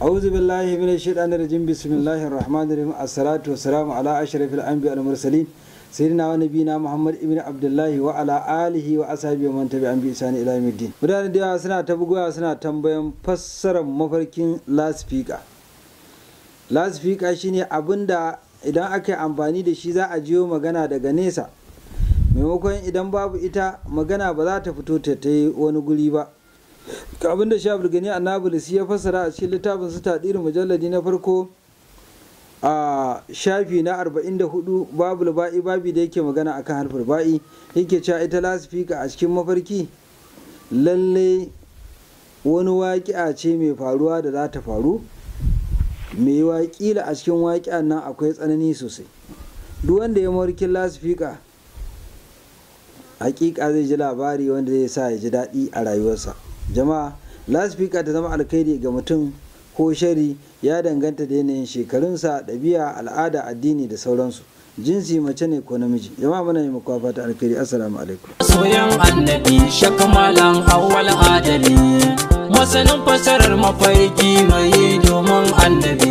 auzu billahi min shaitani rajim bismillahi rrahmani rrahim assalatu wassalamu ala ashrafil anbiya wal mursalin sayyidina wa nabiyina muhammad ibnu abdullah wa ala alihi wa ashabihi wa man tabi an bi isani ila da ya suna ta buguwa suna tambayan fassarar mafarkin last fika shine fika da idan aka yi amfani da shi za a jiyo magana daga nesa maimakon idan babu ita magana ba za ta fito ta tai wani guri ba ka abinda shafi gani a nablus ya fassara a cikin littafin su tadirin mujalladi na farko a shafi na 44 babu ba'i babi da yake magana akan harfar ba'i yake cewa ita lasifika a cikin mafarki lalle wani waƙi'a ce mai faruwa da za ta faru mai waƙila a cikin waƙi'an nan akwai tsanani sosai duk wanda ya mawarkin lasifika hakika zai ji labari wanda zai sa ya ji daɗi a rayuwarsa jama'a lasfika ta zama alkhairi ga mutum ko shari ya danganta da yanayin shekarunsa ɗabi'a al'ada addini da sauransu jinsi mace ne ko namiji jama'a mana yi makwafa ta alkhairi assalamu alaikum soyan annabi shakamalan awwal adali masanin fasarar mafarki mai domin annabi